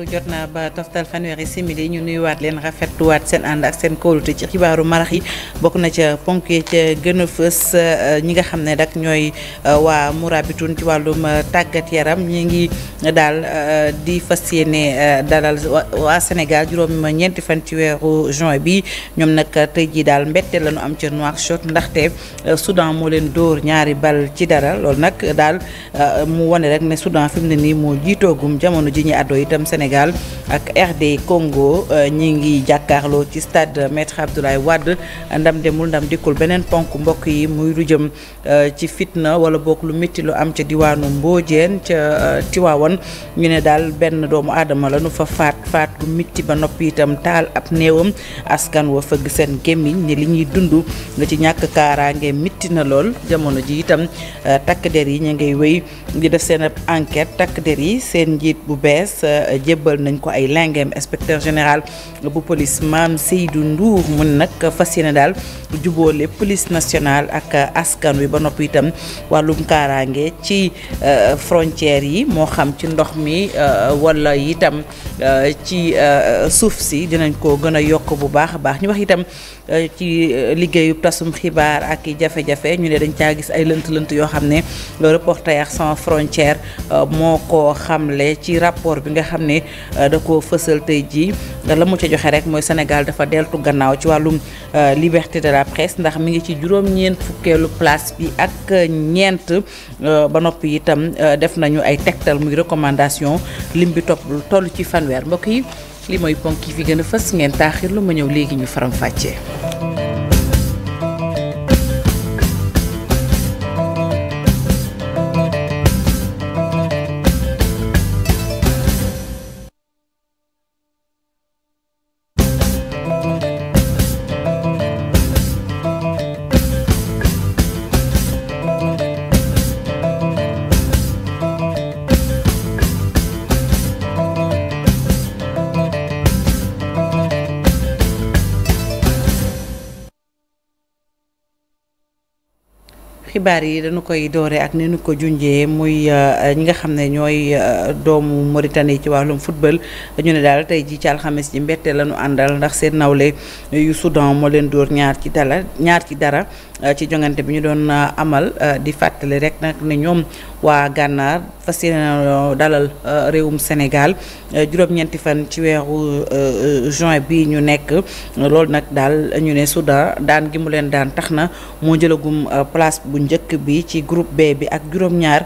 waxtu jot naa ba toftal fanweeri simili ñu nuyuwaat leen rafetluwaat seen ànd ak seen kóolute ci xibaaru marax yi bokk na ca ponk yi ca gën fës euh, ñi nga xam ne rek ñooy euh, waa Mourabitoun ci wàllum euh, tàggat yaram ñi ngi daal di fas ne dalal waa Sénégal juróom ñeenti fan ci weeru juin bi ñoom nag tey jii daal mbette la ñu am ca Nouakchott ndaxte Soudan moo leen dóor ñaari bal ci dara lool nag daal mu wane rek ne Soudan fi ne nii moo jiitoogum jamono Sénégal ak RD Congo euh, ñi ngi jàkkaarloo ci stade Maître Abdoulaye Wade ndam demul ndam dikkul beneen ponk mbokk yi muy rujëm jëm euh, ci fitna wala boog lu métti lu am ca diwaanu Mbodiène ca euh, Tiwaawan ñu ne daal benn doomu aadama la nu fa faat faat gu métti ba noppi itam taal ab néewam askan wa fëgg seen gémmiñ ne li ñuy dund nga ci ñàkk kaaraange métti na lool jamono ji itam takk der yi ñu ngay wéy di def seen ab enquête takk der yi seen njiit bu bees jëm jébbal nañ ko ay lingeem inspecteur général bu police Mame Seydou Ndour mun nag fas yéene daal jubóole police nationale ak askan wi ba noppi itam wàllum kaaraange ci euh, frontières yi moo xam ci ndox mi euh, wala itam euh, ci suuf si dinañ ko gën a yokk bu baax a baax ñu wax itam ci liggéeyu tasum xibaar ak i jafe-jafe ñu ne dañ caa gis ay lënt-lënt yoo xam ne Reporters sans frontières moo ko xamle ci rapport bi nga xam ne Euh, da ko fësal tey jii la mu ca joxe rek mooy Sénégal dafa deltu gannaaw ci wàllum euh, liberté de la presse ndax mi ngi ci juróom-ñeent fukkeelu place bi ak euh, ñeent ba noppi itam def nañu ay tegtal muy recommandation lim bi topp toll ci fanweer mbokk yi li mooy ponk yi fi gën a fës ngeen taaxir lu ma ñëw léegi ñu faram fàccee xibaar yi dañu koy dooree ak ni ñu ko junjee muy euh, ñi nga xam ne ñooy euh, doomu Mauritanie ci wàllum football ñu ne daal tey ji ci alxames ji mbette la ñu àndal ndax seen nawle yu Soudan moo leen dóor ñaar ci dara ñaar ci dara Euh, ci jongante bi ñu doon euh, amal euh, di fàttali rek nag ne ñoom waa gànnaar fas yéene dalal réewum Sénégal juróom-ñeenti fan ci weeru juin bi ñu nekk loolu nag daal ñu ne Soudan daan gi mu leen daan tax na moo jëlagum place bu njëkk bi ci groupe B bi ak juróom-ñaar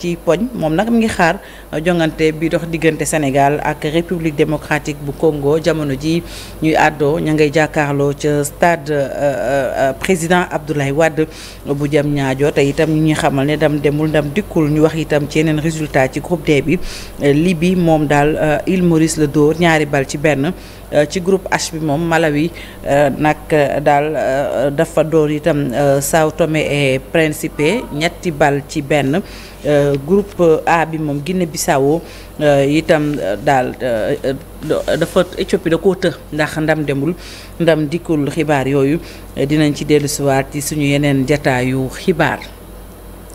ci poñ moom nag mu ngi xaar jongante bi dox diggante Sénégal ak République démocratique bu Congo jamono ji ñuy àddoo ñu ngay jàkkaarloo ca stade président président Abdoulaye bu jam ñaajo tey itam ñi xamal ne dam demul ndam dikkul ñu wax itam ci yeneen résultat ci groupe D bi Libye moom daal euh, Île Maurice la dóor ñaari bal ci benn Euh, ci groupe H bi moom Malawi euh, nag euh, daal dafa door itam Sao Tomé et Principe ñetti bal ci benn groupe A bi moom Guinée Bissau itam daal dafa Éthiopie da koo të ndax ndam demul ndam dikkul xibaar yooyu dinañ ci dellusiwaat ci suñu yeneen jataayu xibaar.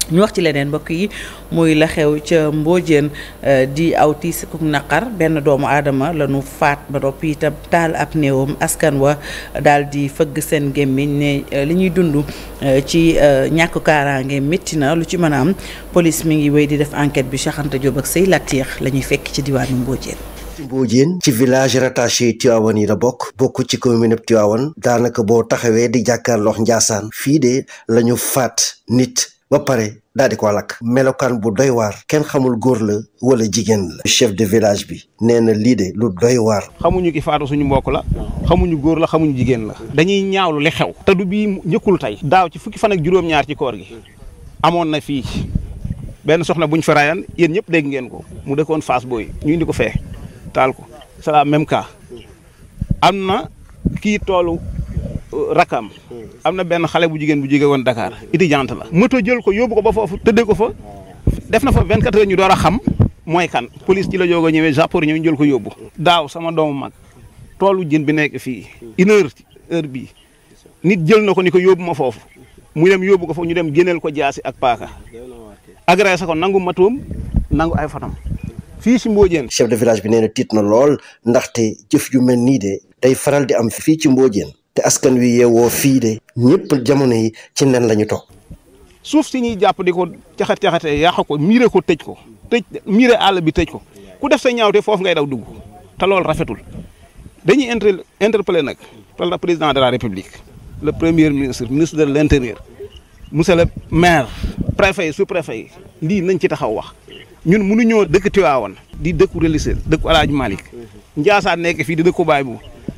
ñu wax ci leneen mbokk yi muy la xew ca Mbodiène euh, di aw tiis naqar benn doomu aadama la ñu faat ba noppi itam taal ab néewam askan wa daal di fëgg seen gémmiñ ne euh, li ñuy dund euh, ci ñàkk kaaraange métti na lu ci mën a am police mi ngi wéy di def enquête bi saxanta Anta ak Sey Latiir la ñuy fekk ci diwaanu Mbodiène. Mbodiène ci village rattaché Tivaouane yi la bokk bokk ci commune Tivaouane daanaka boo taxawee di jàkkaarloo Ndiassane fii de lañu faat nit ba pare daal di lakk melokaan bu doy waar kenn xamul góor la wala jigéen la chef de village bi nee na lii de lu doy waar xamuñu ki faatu suñu mbokk la xamuñu góor la xamuñu jigéen la dañuy ñaawlu li xew te du bii njëkkul tey daaw ci fukki fan ak juróom-ñaar ci koor gi amoon na fii benn soxna buñ fa rayan yéen ñëpp dégg ngeen ko mu dëkkoon Fass booy ñu indi ko fee taal ko c'est la même cas am na kii toolu rakam am na benn xale bu jigéen bu jigéen woon Dakar étudiante la moto jël ko yóbbu ko ba foofu tëddee ko fa def na fa 24 heures ñu door a xam mooy kan police ci la joog a ñëwee jàppoor ñëw jël ko yóbbu daaw sama doomu mag toolu jën bi nekk fii une heure heure bii nit jël na ko ni ko yóbbu ma foofu mu dem yóbbu ko foofu ñu dem génneel ko jaasi ak paaka sa ko nangu matoom nangu ay fanam fii si Mbodiène chef de village bi nee na tiit na lool ndaxte jëf yu mel nii de day faral di am fii ci Mbodiène te askan wi woo fii de ñëpp jamono yi ci nen la ñu suuf si ñuy jàpp di ko caxat caxate yàq ko miire ko tëj ko tëj miire àll bi tëj ko ku def ñaaw ñaawte foofu ngay daw dugg te loolu rafetul dañuy inter interpellé nag par le président de la république le premier ministre ministre de l' intérieur monsieur le maire préfet yi sous préfet yi lii nañ ci taxaw wax ñun mënuñoo dëkk Tiwaawan di dëkku religieux dëkku El Hadj Malick Ndiassane nekk fii di ko Baay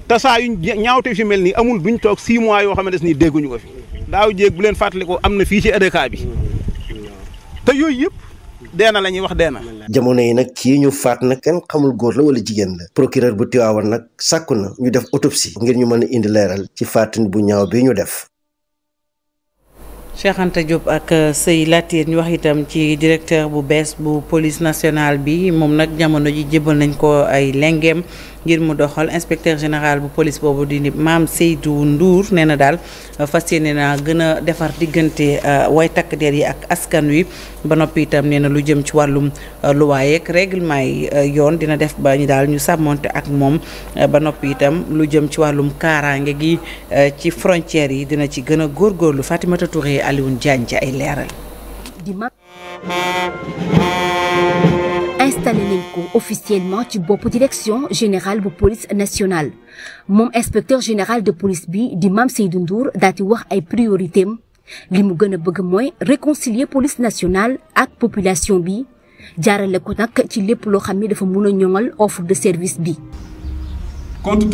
te saa yu ñaawte fi mel nii amul duñ toog 6 mois yoo xam ne des nii dégguñu ko fi daaw jéeg bu leen fàttalikoo am na fii ci ADK e bi te yooyu yëpp deena la ñuy wax deena. jamono yi nag ci ñu faat na kenn xamul góor la wala jigéen la. procureur bu Tivaouane nag sàkku na ñu def autopsie. ngir ñu mën a indi leeral. ci faatin bu ñaaw bi ñu def. Cheikh Anta ak euh, Sey Latir ñu wax itam ci directeur bu bees bu police nationale bi moom nag jamono ji jébal nañ ko ay lengeem. ngir mu doxal inspecteur général bu police boobu di Mame Seydou Ndour nee na daal fas yéene naa gën a defar diggante euh, way takk der yi ak askan wi ba noppi itam nee na lu jëm ci wàllum euh, luwaa yeeg règlement yi euh, yoon dina def ba ñu daal ñu sàmmonte ak moom ba noppi itam lu jëm ci wàllum kaaraange gi ci frontières yi dina ci gën a góorgóorlu Fatimata Touré Alioune Diagne ci ay leeral di ma ko officiellement ci bopp direction générale bu police nationale moom inspecteur général de police bi di Mame Seydou Ndour daal di wax ay priorité am li mu gën a bëgg mooy réconcilier police nationale ak population bi jaarale ko nag ci lépp loo xam ne dafa mun a ñoŋal offre de service bi compte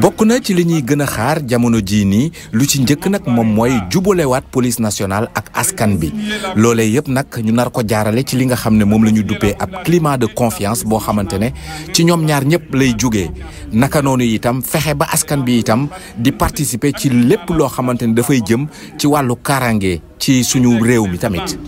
bokk na ci li ñuy gën a xaar jamono jii nii lu ci njëkk nag moom mooy jubalewaat police nationale ak askan bi loole yëpp nag ñu nar ko jaarale ci li nga xam ne moom la ñu ab climat de confiance boo xamante ne ci ñoom ñaar ñëpp lay jóge naka noonu itam fexe ba askan bi itam di participe ci lépp loo xamante ne dafay jëm ci wàllu kaaraange ci suñu réew mi tamit.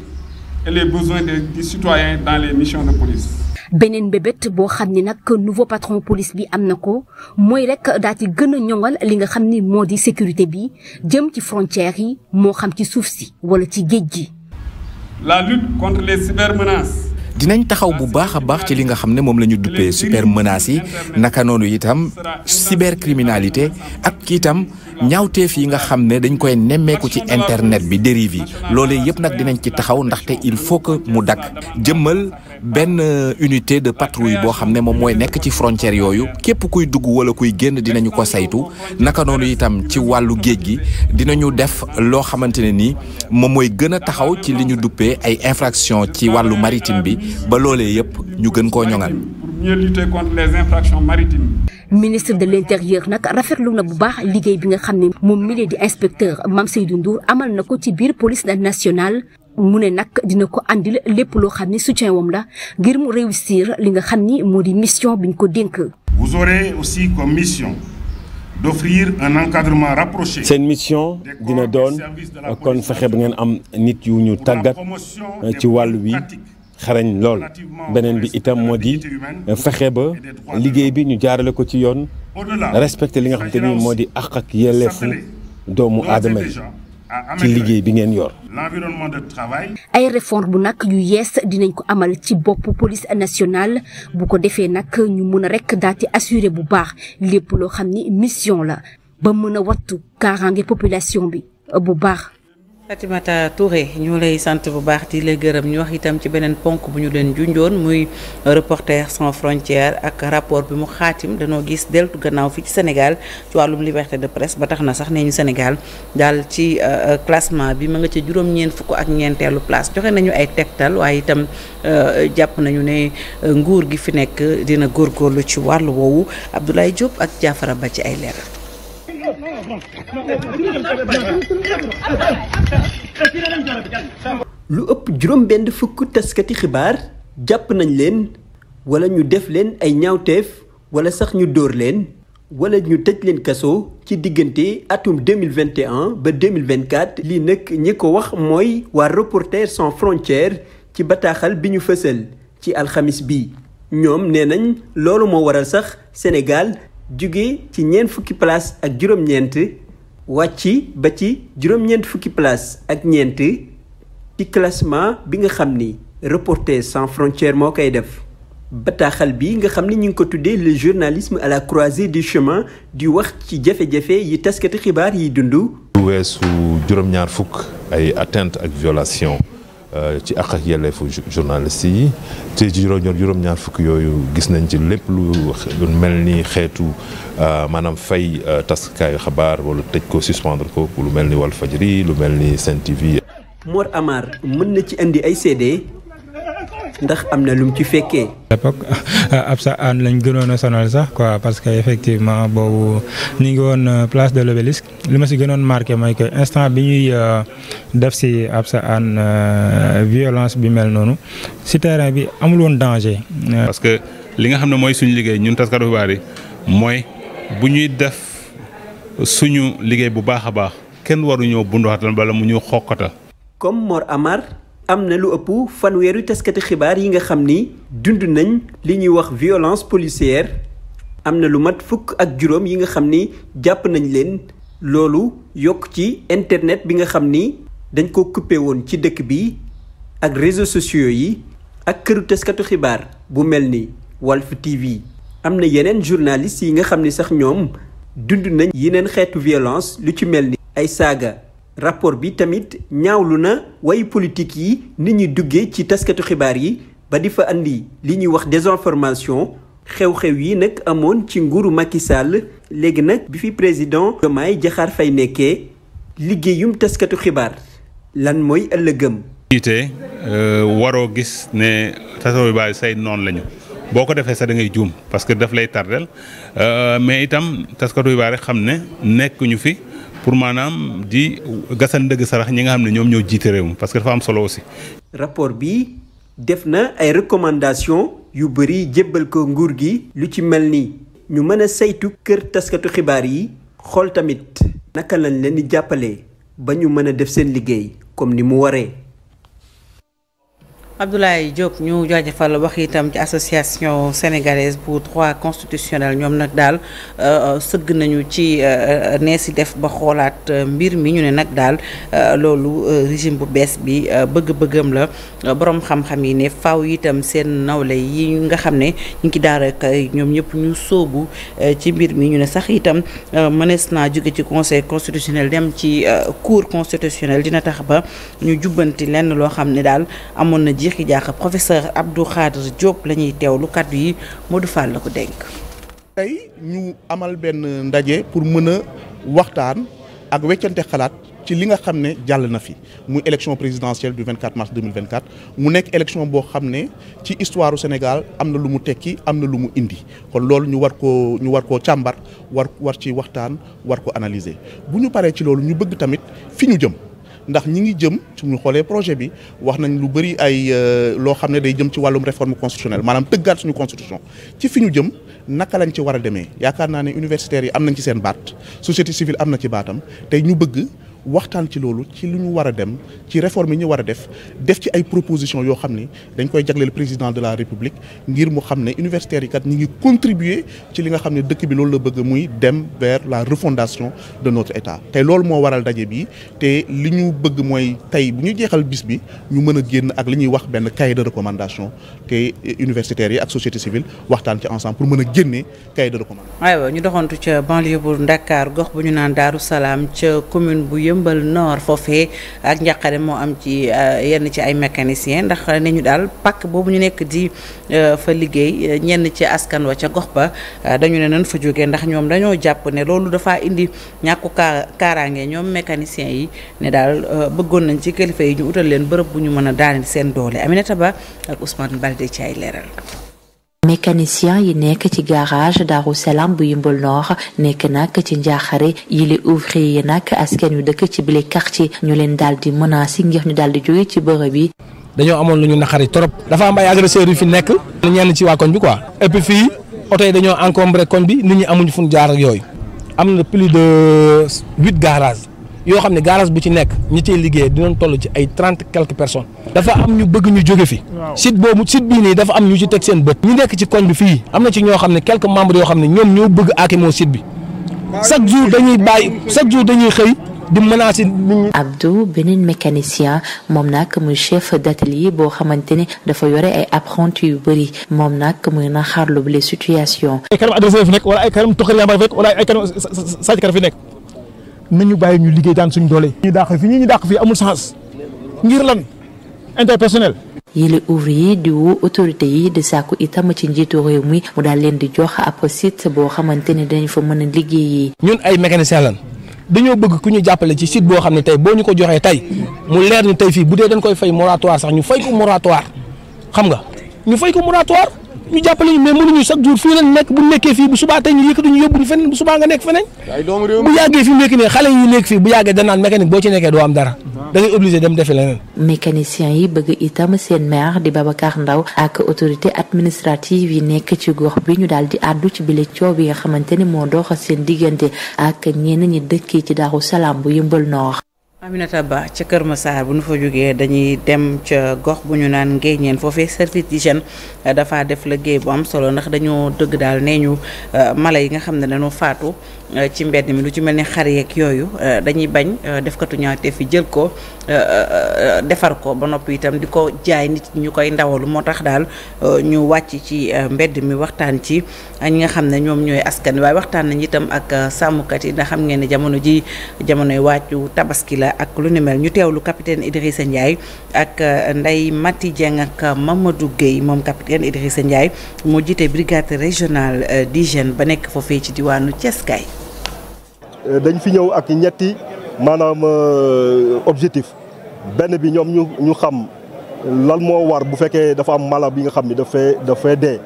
beneen mbébét boo xam ni nag nouveau patron police bi am na ko mooy rek daa ci gën a ñoŋal li nga xam ni moo di sécurité bi jëm ci frontières yi moo xam ci suuf si wala ci géej gi. dinañ taxaw bu baax a baax ci li nga xam ne moom la ñu duppee super menaces yi naka noonu itam cybercriminalité ak itam. ñaawteef yi nga xam ne dañ koy nemmeeku ci internet bi dérive yi loolee yëpp nag dinañ ci taxaw ndaxte il faut que mu dakk jëmmal benn unité de patrouille boo xam ne moom mooy nekk ci frontière yooyu képp kuy dugg wala kuy génn dinañu ko saytu naka noonu itam ci wàllu géej gi dinañu def loo xamante ne ni moom mooy gën a taxaw ci li ñu duppee ay infraction ci wàllu maritime bi ba loole yëpp ñu gën koo ñoŋal mieux lutter contre les infractions ministre de l'intérieur nag rafetlu na bu baax liggéey bi nga xam ne moom mi di inspecteur Mame Seydou Ndour amal na ko ci biir police nationale mu ne nag dina ko andil lépp loo xam ne soutien wam la ngir mu réussir li nga xam ni moo di mission bi ñu ko dénk. aussi comme mission. d'offrir un encadrement rapproché. seen mission dina doon kon fexe ba ngeen am nit yu ñu tàggat ci wàll wi. xarañ lool beneen bi itam moo di fexe ba liggéey bi ñu jaarale ko ci yoon respecté li nga xam te ni moo di àq ak yelleefu doomu aadama yi ci liggéey bi ngeen yor. ay réforme bu nag yu yees dinañ ko amal ci bopp police nationale bu ko defee nag ñu mën a rek daal di assuré bu baax lépp loo xam ni mission la ba mën a wattu kaaraange population bi bu baax. Fatimata Touré ñoo lay sant bu baax di la gërëm ñu wax itam ci beneen ponk bu ñu leen junjoon muy reporter sans frontières ak rapport bi mu xaatim dañoo gis deltu gannaaw fii ci Sénégal ci wàllum liberté de presse ba tax na sax nee ñu Sénégal daal ci euh, classement bi mu nga ca juróom-ñeent fukk ak ñeenteelu place joxe nañu ay tegtal waaye itam euh, jàpp nañu ne euh, nguur gi fi nekk dina góor góorlu ci wàllu woowu Abdoulaye Diop ak Jaafara ba ci ay leer lu ëpp juróom benn fukk taskati xibaar jàpp nañ leen wala ñu def leen ay ñaawteef wala sax ñu dóor leen wala ñu tëj leen kaso ci diggante atum 2021 ba 2024 lii nag ñi ko wax mooy waa Reporters sans frontières ci bataaxal bi ñu fësal ci alxamis bi ñoom nee nañ loolu moo waral sax Sénégal jugee ci ñeent fukki place ak juróom-ñeent wàcc ba ci juróom-ñeent fukki place ak ñeent ci classement bi nga xam ni reporter sans frontières moo koy def. bataaxal bi nga xam ni ñu ngi ko tuddee le journalisme à la croisée du chemins di wax ci jafe-jafe yi taskati xibaar yi dund. lu weesu fukk ay atteinte ak violation Euh, ci àq ak yelleefu journaliste yi te juróom-ñaar fukk yooyu gis nañ ci lépp lu mel nii xeetu euh, maanaam fay euh, taskaayu xabaar wala tëj ko suspendre ko lu mel ni Walfadjri lu mel ni Sen TV. Mor Amar mën na ci indi ay CD. ndax am na mu ci fekkee. l'époque ab sa ann lañ gënoon a sonal sax quoi parce que effectivement boobu ñu ngi woon euh, place de l'obélisque li ma si gënoon marqué mooy que instant bi ñuy euh, def si ab sa aan euh, violence bi mel noonu si terrain bi amul woon danger. parce que li nga xam ne mooy suñ liggéey ñun taskatu xibaar yi mooy bu ñuy def suñu liggéey bu baax a baax kenn waru waruñoo bunduxatal bala mu ñu xokkata comme Mor Amar. am na lu ëpp fanweeri taskati xibaar yi nga xam ni dund nañ li ñuy wax violence policière am na lu mat fukk ak juróom yi nga xam ni jàpp nañ leen loolu yokk ci internet bi nga xam ni dañ ko coupé woon ci dëkk bi ak réseaux sociaux yi ak këru taskatu xibaar bu mel ni Walf TV am na yeneen journaliste yi nga xam ni sax ñoom dund nañ yeneen xeetu violence lu ci mel ni ay saaga rapport bi tamit ñaawlu na way politique yi nit ñuy duggee ci taskatu xibaar yi ba di fa andi li ñuy wax désinformation xew-xew yi nag amoon ci nguuru Macky Sall léegi nag bi fi président Diomaye Diakhar Faye nekkee liggéeyum taskatu xibaar lan mooy ëllëgëm. jiite euh, waroo gis ne taskatu xibaar say noonu lañu boo ko defee sax da ngay juum parce que daf lay tardel euh, mais itam taskatu xibaar yi xam ne nekkuñu fi. pour maanaam di gasan dëgg sarax ñi nga xam ne ñoom ñoo jiite réew mi parce que dafa am solo aussi. rapport bi def na ay recommandations yu bëri jébbal ko nguur gi lu ci mel ni ñu mën a saytu kër taskatu xibaar yi xool tamit naka lañ leen di jàppale ba ñu mën a def seen liggéey comme ni mu waree. Abdoulaye Diop ñu jaajëfal wax itam ci association sénégalaise bu trois constitutionnel ñoom nag daal euh, euh, sëgg nañu ci euh, nee si def ba xoolaat mbir mi ñu ne nag daal loolu régime bu bees bi bëgg-bëggam la borom xam-xam yi ne faw itam seen nawle yi nga xam ne ñu ngi daara kay ñoom ñëpp ñu sóobu ci mbir mi ñu ne sax itam mënees naa jóge ci conseil constitutionnel dem ci cour constitutionnel dina tax ba ñu jubbanti lenn loo xam ne daal amoon na ji jixi jaaxa professeur Abdou Khadre Diop la ñuy teewlu kàddu yi Modou Fall la ko dénk. tey ñu amal benn ndaje pour mën a waxtaan ak weccante xalaat ci li nga xam ne jàll na fi muy élection présidentielle du 24 mars 2024 mu nekk élection boo xam ne ci histoire Sénégal am na lu mu tekki am na lu mu indi kon loolu ñu war koo ñu war koo càmbar war war ci waxtaan war ko analyser bu ñu paree ci loolu ñu bëgg tamit fi ñu jëm. ndax ñi ngi jëm suñu xoolee projet bi wax nañ lu bëri ay euh, loo xam ne day jëm ci wàllum réforme constitutionnelle maanaam tëggaat suñu constitution ci fi ñu jëm naka lañ ci war a demee yaakaar naa ne universitaires yi am nañ ci seen baat société civile am na ci baatam tey ñu bëgg waxtaan ci loolu ci lu ñu war a dem ci réforme yi ñu war a def def ci ay proposition yoo xam ni dañ koy jagleel président de la république ngir mu xam ne universitaires yi kat ñi ngi contribuer ci li nga xam ne dëkk bi loolu la bëgg muy dem vers la refondation de notre état te loolu moo waral daje bi te li ñu bëgg mooy tey bu ñu jeexal bis bi ñu mën a génn ak li ñuy wax benn cahier de recommandation te universitaires yi ak société civile waxtaan ci ensemble pour mën a génne cahier de recommandation. yëmbal noor foofe ak njàqare moo am ci euh, yenn ci ay mécaniciens ndax ne ñu daal pàkk boobu ñu nekk di euh, fa liggéey euh, ñenn ci askan wa ca gox ba dañu ne nan fa jógee ndax ñoom dañoo jàpp ne loolu dafa indi ñàkku kaa kaaraange ñoom mécaniciens yi ne daal bëggoon nañ ci kilifa yi ñu utal leen bërëb bu ñu mën a daaneel seen doole Aminata Ba ak Ousmane Balde ci ay leeral. mécanicien yi nekk ci garage Darou Salam bu Yeumbeul Nord nekk nag ci njaaxare yile ouvrier yi nag askan yu dëkk ci bile quartier ñu leen daal di menacé ngir ñu daal di jóge ci bërëb yi. dañoo amoon lu ñu trop. dafa am ay agresseurs fi nekk. ñenn ci waa koñ bi quoi. et fii oto yi dañoo encombré koñ bi nit ñi amuñu fu jaar yooyu. am na plus de huit garages. yoo xam ne garage bu ci nekk ñi cey liggéey dinañ toll ci ay trente quelques personnes dafa am ñu bëgg ñu jóge fi site boobu site bii nii dafa am ñu ci teg seen bët ñu nekk ci koñ bi fii am na ci ñoo xam ne quelques membres yoo xam ne ñoom ñoo bëgg aakimoo site bi chaque jour dañuy bàyyi chaque jour dañuy xëy di menacer nit ñi Abdou beneen mécanicien moom nag muy chef d'atelier boo xamante ni dafa yore ay apprentis yu bëri moom nag muy naxarlu les situations ay kanam adressé fi nekk wala ay kanam toxal yaa nañu bàyyi ñu liggéey daan suñu doole. ñu dàq fi ñi ñu dàq fii amul sens ngir lan interpersonnel. yile ouvrier di woo autorité yi di sàkku itam ci njiito réew mi mu daal leen di jox ab site boo xamante ni dañu fa mën a liggéey ñun ay mécanicien lan dañoo bëgg ku ñu jàppale ci site boo xam ne tey boo ñu ko joxee tey mu leer ñu tey fii bu dee dañ koy fay moratoire sax ñu fay ko moratoire xam nga ñu fay ko moratoire ñu jàppale ñu mais mënuñu chaque jour fii lañ nekk bu nekkee fii bu subaa tey ñu yëkkati ñu yóbbu ñu feneen bu subaa nga nekk feneen bu yàggee fi mu nekk ne xale yi nekk fii bu yàggee danaan mécanique boo ci nekkee doo am dara da ngay obligé dem defi leneen mécanicien yi bëgg itam seen maire di Babacar Ndaw ak autorité administrative yi nekk ci gox bi ñu daal di àddu ci bile coow yi nga xamante ni moo dox seen diggante ak ñenn ñi dëkkee ci daaxu Salaam bu Yeumbeul Nord Aminata Ba ca Kër Massar bu nu fa jógee dañuy dem ca gox bu ñu naan Ngéeñeen foofee service d'hygiène dafa def liggéey bu am solo ndax dañoo dëgg daal nee ñu euh, mala yi nga xam ne dañoo faatu. ci mbedd mi lu ci mel ni xar yeeg yooyu euh, dañuy bañ euh, defkatu ñaawteef fi jël ko euh, defar ko ba noppi itam di ko jaay nit ñu koy ndawalu moo tax daal ñu wàcc ci mbedd mi waxtaan ci ñi nga xam ne ñoom ñooy askan waaye waxtaan nañ itam ak sàmmkat yi ndax xam ngeen ne jamono ji jamonoy wàccu tabaski la ak lu ne mel ñu teewlu capitaine Idrissa Ndiaye ak Ndeye Mati Dieng ak ma Guèye moom capitaine Idrissa Ndiaye moo jiite brigade régionale d'hygiène ba nekk foofee ci diwaanu Thiès Euh, dañ fi ñëw ak ñetti maanaam euh, objectif benn bi ñoom ñu ñu xam lan moo war bu fekkee dafa am mala bi nga xam ni dafay dafay dee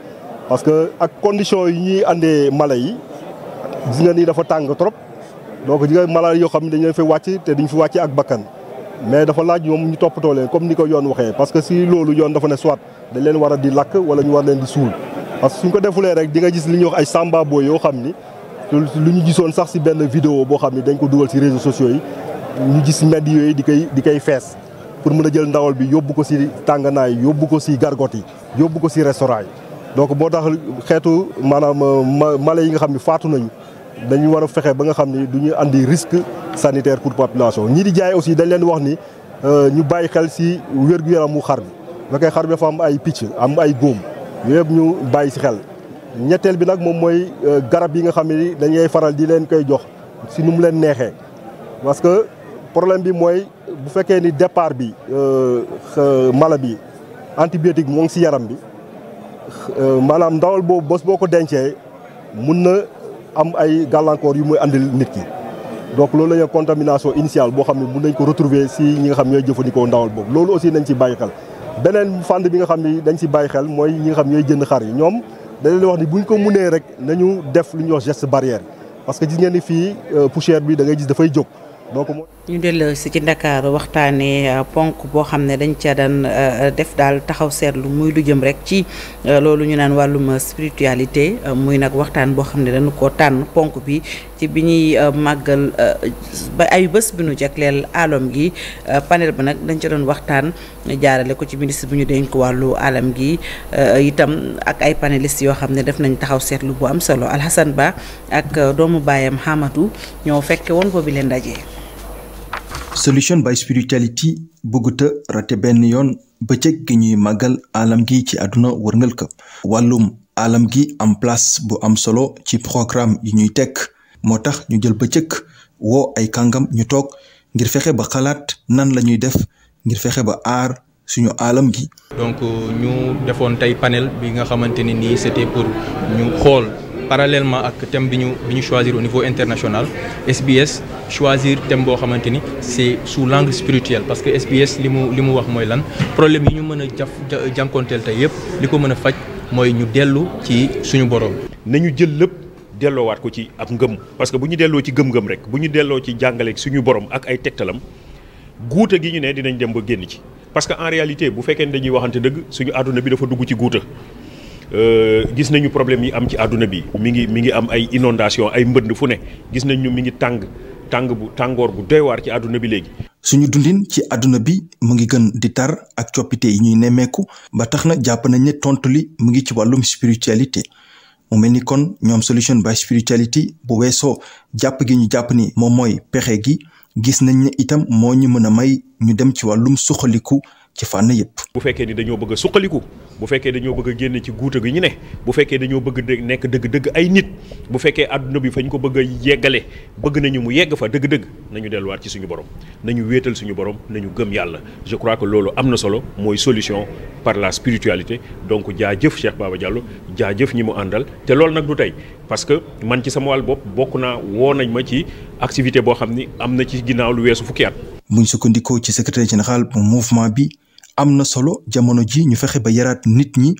parce que ak condition yi ñuy àndee mala yi gis nga ni dafa tàng trop donc di nga mala yoo xam ne dañu leen fi wàcc te dañu fi wàcc ak bakkan mais dafa laaj ñoom ñu toppatoo leen comme ni ko yoon waxee parce que si loolu yoon dafa ne soit dañ leen war a di lakk wala ñu war leen di suul parce que suñ ko defulee rek di nga gis li ñuy wax ay samba boy xam ni lu ñu gisoon sax si benn vidéo boo xam ne dañ ko dugal ci réseaux sociaux yi ñu gis mbedd yooyu di koy di koy fees pour mën a jël ndawal bi yóbbu ko si tànganaay yóbbu ko si gargote yi yóbbu ko si restaurant yi donc boo tax xeetu maanaam mala yi nga xam ne faatu nañu dañu war a fexe ba nga xam ni du ñu andi risque sanitaire pour population ñii di jaay aussi dañ leen wax ni euh, ñu bàyyi xel si wér-gu-yaramu xar bi ba koy xar bi dafa am ay picc am ay góom yooyu yëpp ñu bàyyi si xel ñetteel bi nag moom mooy euh, garab yi nga xam ne dañuy faral di leen koy jox si numu leen neexee parce que problème bi mooy bu fekkee ni départ bi euh, euh, mala bi antibiotique moo ngi si yaram bi maanaam ndawal boobu bés boo ko dencee mun na am ay gàllankoor yu muy andil nit ki donc loolu la contamination initiale boo xam ne mun nañ ko retrouver si ñi nga xam ñooy jëfandikoo ndawal boobu loolu aussi nañ si bàyyi xel beneen fànn bi nga xam ne dañ si bàyyi xel mooy ñi xam ñooy jënd xar yi ñoom dañ leen wax ni bu ñu ko munee rek nañu def lu ñu wax geste barrière parce que gis ngeen ni fii euh, poussière bi da ngay gis dafay jóg donc ñu dellu si ci Ndakaaru waxtaanee euh, ponk boo xam ne dañ ca daan euh, def daal taxaw seetlu muy lu jëm rek ci euh, loolu ñu naan wàllum spiritualité muy nag waxtaan boo xam ne dañu ko tànn ponk bi ci bi ñuy màggal ba ay bés bi ñu jagleel alam gi panel ba nag dañ ca doon waxtaan jaarale ko ci ministre bi ñu dénk wàllu alam gi itam ak ay panélistes yoo xam ne def nañ taxaw seetlu bu am solo Alhassane Ba ak doomu baayam xamatu ñoo fekke woon boobu leen dajee solution by spirituality bëgguta rate benn yoon bëccëg gi ñuy màggal alam gi ci àdduna wërngal këpp wàllum alam gi am place bu am solo ci programme yi ñuy tekk moo tax ñu jël bëccëg woo ay kàngam ñu toog ngir fexe ba xalaat nan la ñuy def ngir fexe ba aar suñu aalam gi donc euh, ñu defoon tey panel bi nga xamante ne nii c'était pour ñu xool parallèlement ak thème bi ñu bi ñu choisir au niveau international SBS choisir thème boo xamante ni c'est sous l'angle spirituel parce que SBS li mu li mu wax mooy lan problème yi ñu mën a jaf jànkoonteel tey yëpp li ko mën a faj mooy ñu dellu ci suñu borom. nañu jël lépp delloowaat ko ci ab ngëm parce que bu ñu delloo ci gëm-gëm rek bu ñu delloo ci jàngale suñu borom ak ay tegtalam guuta gi ñu ne dinañ dem ba génn ci parce que en réalité bu fekkee ne waxante dëgg suñu àdduna bi dafa dugg ci guuta Euh, gis nañu problème yi am ci àdduna bi mi ngi mi ngi am ay inondation ay mbënd fu ne gis nañu mi ngi tàng tàng bu tàngoor bu doy waar ci àdduna bi léegi. suñu dundin ci àdduna bi mu ngi gën di tar ak coppite yi ñuy nemmeeku ba tax na jàpp nañ ne tontu li mu ngi ci wàllum spiritualité. mu mel ni kon ñoom solution by spirituality bu weesoo jàpp gi ñu jàpp ni moom mooy pexe gi gis nañ ne itam moo ñu mën a may ñu dem ci wàllum suxaliku ci fànn yëpp. bu fekkee ni dañoo bëgg a suqaliku bu fekkee dañoo bëgg a ci guuta gi ñu ne bu fekkee dañoo bëgg nekk dëgg-dëgg ay nit bu fekkee àdduna bi fañ ko bëgg a yeggale bëgg nañu mu yegg fa dëgg-dëgg nañu delluwaat ci suñu borom nañu wéetal suñu borom nañu gëm yàlla je crois que loolu am na solo mooy solution par la spiritualité donc jaajëf Cheikh Baba Diallo jaajëf ñi mu àndal te loolu nag du tey parce que man ci sama wàll bopp bokk naa woo nañ ma ci activité boo xam ni am na ci ginnaaw lu weesu fukki at. muñ ci secrétaire général mouvement bi am na solo jamono ji ñu fexe ba yaraat nit ñi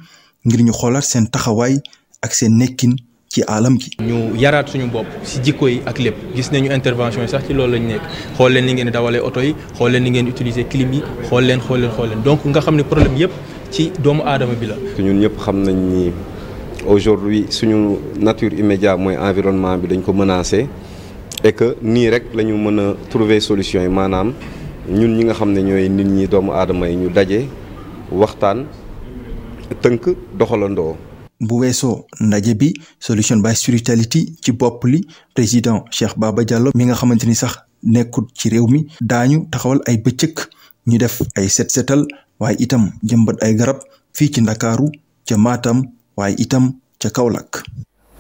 ngir ñu xoolaat seen taxawaay ak seen nekkin ci alam gi. ñu yaraat suñu bopp si jikko yi ak lépp gis nañu intervention yi sax ci loolu lañu nekk xool leen ni ngeen dawalee oto yi xool leen ni ngeen utiliser clim yi xool leen xool leen xool donc nga xam ne problème yëpp ci doomu aadama bi la. ñun ñëpp xam nañ ni aujourd'hui suñu nature immédiate mooy environnement bi dañ ko menacé et que nii rek la ñu mën a trouver solution yi maanaam. ñun ñi nga xam ne ñooy nit ñi doomu aadama yi ñu daje waxtaan tënk doxalandoo. bu weesoo ndaje bi solution by spirituality ci bopp li président Cheikh Baba Diallo mi nga xamante ni sax nekkul ci réew mi daañu taxawal ay bëccëg ñu def ay set setal waaye itam jëmbat ay garab fii ci ndakaaru ca maatam waaye itam ca kaw Kaolack.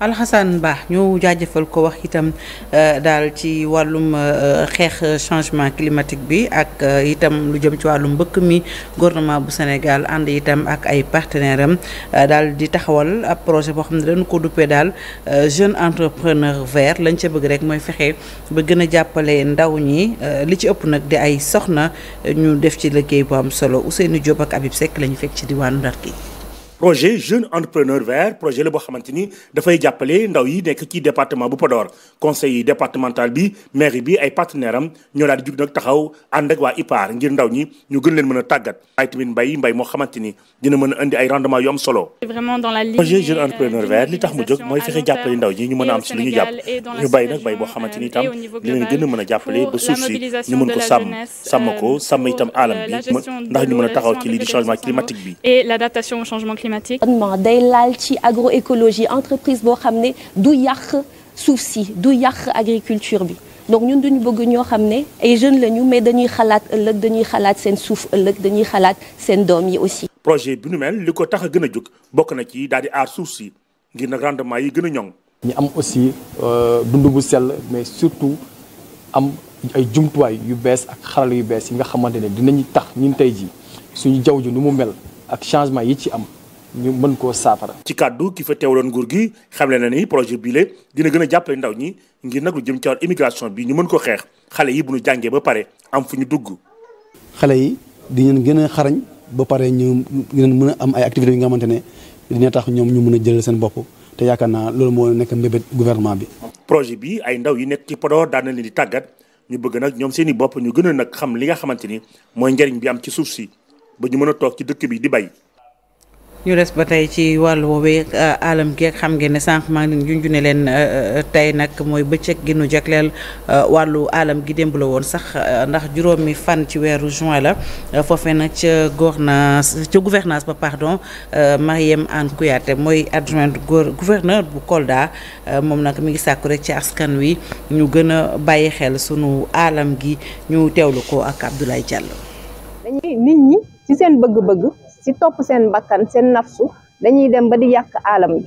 Alxassane Ba ñu jaajëfal ko wax itam euh, daal ci wàllum euh, xeex changement climatique bi ak euh, itam lu jëm ci wàllu mbëkk mi gouvernement bu Sénégal ànd itam ak ay partenaires am daal di taxawal ab projet boo xam ne dañu ko duppee daal jeune entrepreneur vert lañ ca bëgg rek mooy fexe ba gën a jàppale ndaw ñi li ci ëpp nag di ay soxna ñu def ci liggéey bu am solo Ousseynou Diop ak Habib Seck la ñu fekk ci diwaanu Ndar gi projet jeune entrepreneur vert projet la boo xamante ni dafay jàppale ndaw yi nekk ci département bu Podor conseil départemental bi mairie bi ay partenaire am ñoo daal di jug nag taxaw ànd ak waa IPAR ngir ndaw ñi ñu gën leen mën a taggat ay tamit mbay moo xamante ni dina mën a indi ay rendement yoom solo projet euh, li tax mu jóg mooy fexe jàppale ndaw ñi ñu mën a am si lu ñu jàpp ñu bay nag bay boo xamante tam euh, itam li leen gën a mën a jàppale ba suuf si ñu mën ko sam sàmm ko euh, sàmm itam alam bi ndax ñu mën a taxaw ci lii di changement climatique bi climatique. day laal ci agro écologie entreprise boo xam ne du yàq suuf si du yàq agriculture bi donc ñun duñu bëgg ñoo xam ne ay jeunes lañu mais dañuy xalaat ëllëg dañuy xalaat seen suuf ëllëg dañuy xalaat seen doom yi aussi. projet bi nu mel li ko tax a gën a jóg bokk na ci daal di aar suuf si ngir na rendement yi gën a ñoŋ. ñu am aussi euh, dund bu sell mais surtout am ay jumtuwaay yu bees ak xarala yu bees yi nga xamante ne dinañu tax ñun tey ji suñu jaww ji nu mu mel ak changement yi ci am. ñu mën koo saafara. ci kàddu ki fa teew teewloon nguur gi xamle na ni projet bii la dina gën a jàppale ndaw ñi ngir nag lu jëm ci wàllu immigration bi ñu mën koo xeex xale yi bu ñu jàngee ba pare am fu ñu dugg. xale yi dinañ gën a xarañ ba pare ñu dinañ mën a am ay activités yi nga ne dina tax ñoom ñu mën a jëlal seen bopp te yaakaar naa loolu moo nekk mbébét gouvernement bi. projet bi ay ndaw yi nekk ci Podor daan leen di tàggat ñu bëgg nag ñoom seeni bopp ñu gën a nag xam li nga xamante ni mooy njariñ bi am ci suuf si ba ñu mën a toog ci dëkk bi di bay ñu des ba tey ci wàllu woowee euh, alam gi ak xam ngeen ne sànq maa ngi ne leen euh, euh, tey nag mooy bëccëg gi nu jagleel wàllu alam gi démb la woon sax ndax juróomi fan ci weeru juin la foofee nag ca gouvernance ca gouvernance ba pardon Marième Anne Kouyaté mooy adjointe gouverneur bu Kolda moom nag mi ngi sàkkure ci askan wi ñu gën a bàyyi xel sunu alam gi ñu teewlu ko ak Abdoulaye Diallo. dañuy nit ñi ci seen bëgg-bëgg. ci topp seen bakkan seen nafsu dañuy dem ba di yàq alam bi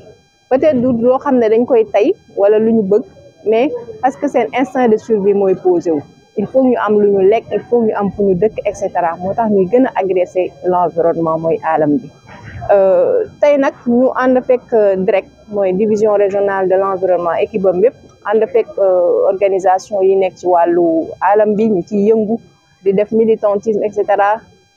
peut-être du loo xam ne dañ koy tey wala lu ñu bëgg mais parce que seen instant de survie mooy posé wu il faut ñu am lu ñu lekk il faut ñu am fu ñu dëkk et cetera moo tax ñuy gën a agressé l'environnement mooy aalam bi euh, tey nag ñu ànd fekk euh, direct mooy division régionale de l'environnement équipe am yépp ànd fekk euh, organisation yi nekk ci wàllu alam bi ñi ciy yëngu di def militantisme et cetera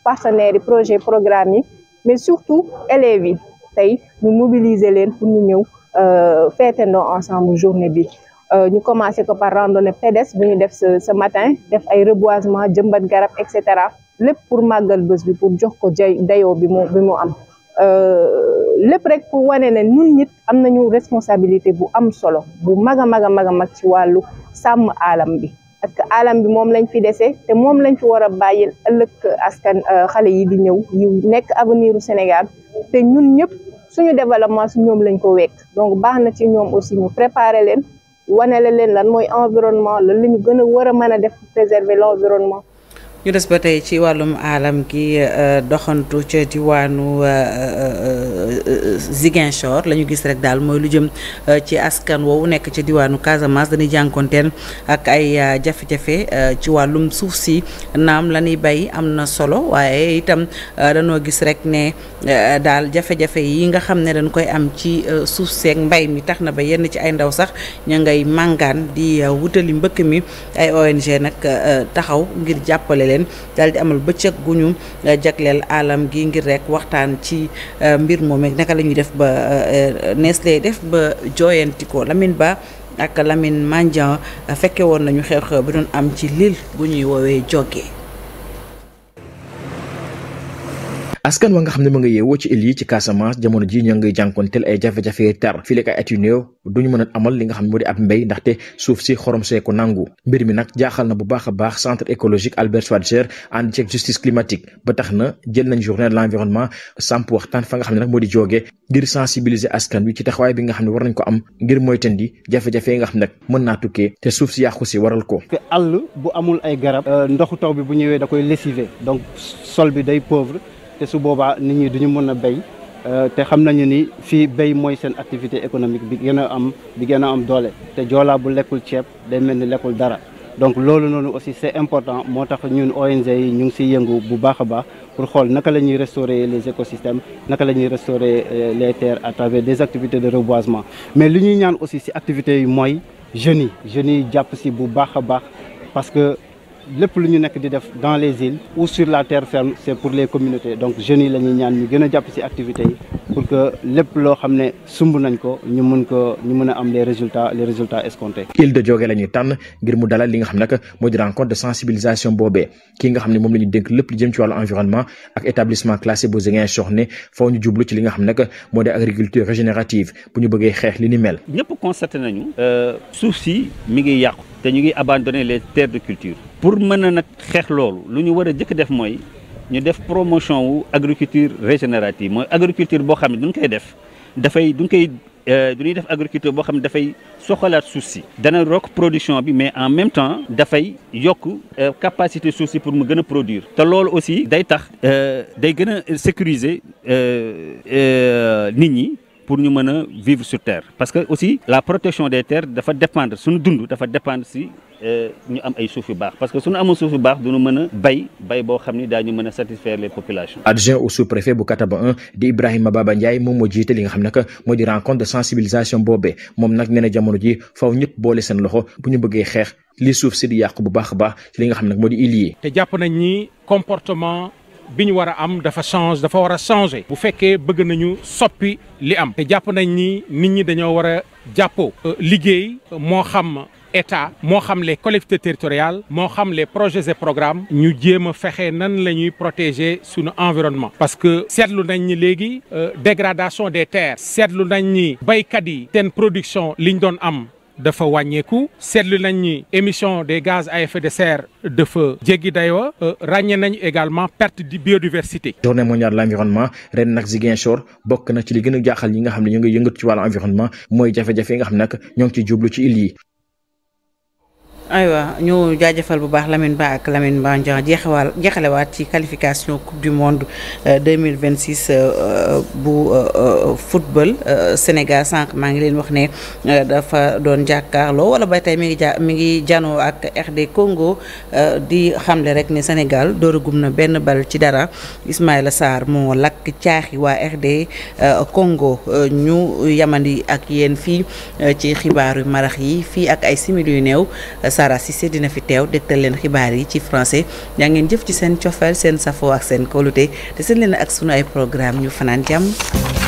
partenaires yi projet programme yi mais surtout élèves yi tey ñu mobiliser leen pour ñu ñëw euh, feetendoo ensemble journée bi euh, ñu commencé ko par randonnée pédestre bu ñu def ce ce matin def ay reboisement jëmbat garab et cetera lépp pour màggal bës bi pour jox ko jay dayoo bi mu bi mu am euh, lépp rek pour wane ne ñun nit am na ñu responsabilité bu am solo bu mag a mag a mag a mag ci wàllu sàmm alam bi parce que alam bi moom lañ fi desee te moom lañ fi war a bàyyil ëllëg askan euh, xale yi di ñëw yu nekk avenir u Sénégal te ñun ñëpp suñu développement su ñoom lañ ko wekk donc baax na ci ñoom aussi mu préparer leen wanele leen lan mooy environnement lan la ñu gën a war a mën a def préserver l'environnement ñu des ba tey ci wàllum aalam gi euh, doxantu ca diwaanu euh, euh, Ziguinchor la ñu gis rek daal mooy lu jëm ci askan woowu nekk ca diwaanu Casamance dañuy jànkonteel ak ay jafe-jafe ci wàllum suuf si naam la bay am na solo waaye itam dañoo gis rek ne daal jafe yi nga xam ne dañ koy am ci suuf seek mbay mi tax na ba yenn ci ay ndaw sax ña ngay màngaan di wutali mbëkk mi ay ONG nag taxaw ngir jàppale. leen daal di amal bëccëg gu ñu eh, jagleel alam gi ngir rekk waxtaan ci eh, mbir moom ak naka lañuy def ba eh, nees lay def ba jooyanti lamin Ba ak Lamine Mandian fekke woon nañu xew-xew bi doon am ci Lille bu ñuy woowee joge askan wa nga xam ne ma nga a xam ne moo di ab mbéy ndaxte suuf si xorom jaaxal na bu baax a baax centre écologique Albert ba tax na jël nañ journée de l'environnement samp fa nga xam ne moo di joogee ngir sensibiliser askan wi ci taxawaay bi nga xam ne war nañ ko am ngir moytandi jafe-jafe xam ne nag mën naa tukkee te suuf si yàqu si waral ko àll bu amul ay garab ndoxu taw bi bu ñëwee da koy lessiver donc sol bi day pauvre te su boobaa nit ñi duñu mën a béy euh, te xam na ñu ni fii béy mooy seen activité économique bi gën a am bi gën a am doole te joolaa bu lekkul ceeb day mel ni lekkul dara donc loolu noonu aussi c'est important moo tax ñun ONG yi ñu ngi siy yëngu bu baax a baax pour xool naka la ñuy restaurer les écosystèmes naka la ñuy restaurer euh, les terres à travers des activités de reboisement mais li ñuy ñaan aussi si activités yi mooy jeunes yi jeunes yi jàpp si bu baax a baax parce que lépp lu ñu nekk di def dans les îles ou sur la terre ferme c'est pour les communautés donc jeunes yi la ñuy ñaan ñu gën a jàpp ci activités yi pour que lépp loo xam ne sumb nañ ko ñu mën ko ñu mën a am les résultat les résultats escomptés. île de Diogé la tànn ngir mu dalal li nga xam nag moo di rencontre de sensibilisation boobee kii nga xam ne moom la ñu dénk lépp lu jëm ci wàllu environnement ak établissement classé bu Ziguinchor ne faw ñu jublu ci li nga xam nag moo di agriculture régénérative bu ñu bëggee xeex li ni mel. ñëpp constaté nañu. Euh, suuf si mi ngi yàqu. te ñu ngi abandonné les terres de culture. pour mën a nag xeex loolu lu ñu war a jëkk def mooy. ñu def promotion wu agriculture régénérative mooy agriculture boo xam ne du nga koy def dafay du duñ koy euh, du ñuy def agriculture boo xam ne dafay soxalaat suuf si dana rokk production bi mais en même temps dafay yokk euh, capacité suuf si pour mu gën a produire te loolu aussi day tax euh, day gën a sécuriser nit ñi pour ñu mën a vivre sur terre parce que aussi la protection des terres dafa dépendre suñu dund dafa dépendre si euh, ñu am ay suuf yu baax parce que suñu amoon suuf yu baax duñu mën a bay bay boo xam ni daañu mën a satisfaire les populations. adjoint au sous-préfet bu Kataba 1 di Ibrahima Baba Ndiaye moom moo jiite li nga xam ne que moo di rencontre de sensibilisation boobee moom nag nee na jamono ji faw ñëpp boole seen loxo bu ñu bëggee xeex li suuf si di yàqu bu baax baax li nga xam ne moo di ilier. bi ñu war a am dafa change dafa war a changer. bu fekkee bëgg nañu soppi li am. te jàpp nañ ni nit ñi dañoo war a jàppoo. Euh, liggéey moo xam. état moo xam les collectivités territoriales moo xam les projets et programmes ñu jéem a fexe nan la ñuy protéger suñu environnement parce que seetlu nañ ni léegi euh, dégradation des terres seetlu nañ ni béykat yi seen li ñu doon am dafa wàññeeku seetlu nañ ni émission des gaz à effet de serre dafa jéggi dayoo euh, ràññee nañ également perte de biodiversité. journée mondiale de l'environnement ren nag Ziguinchor bokk na ci li gën a jaaxal ñi nga xam ne ñoo ngi yëngatu ci wàllu environnement mooy jafe-jafe nga xam ne nag ñoo ngi ciy jublu ci île yi. aywa ñu jaajëfal bu baax Lamine Ba ak Lamine Ba Ndiaye jeexalewaat ci qualification coupe du monde euh, deux mille vingt six euh, euh, bu football Sénégal sànq maa ngi leen wax ne dafa doon jàkkaarloo wala ba tey mi ngi ja mi ngi janoo ak RD Congo di xamle rek ne Sénégal dooragum na benn bal ci dara Ismaïla Sarr moo lakk caaxi waa RD Congo ñu yamandi ak yéen fii ci xibaaru marax yi fii ak ay simili yu néew. Sara Cissé dina fi teew dégtal leen xibaar yi ci français ñaa ngeen jëf ci seen cofeel seen safoo ak seen kóolute te seen leen ak sunu ay programme ñu fanaan jàmm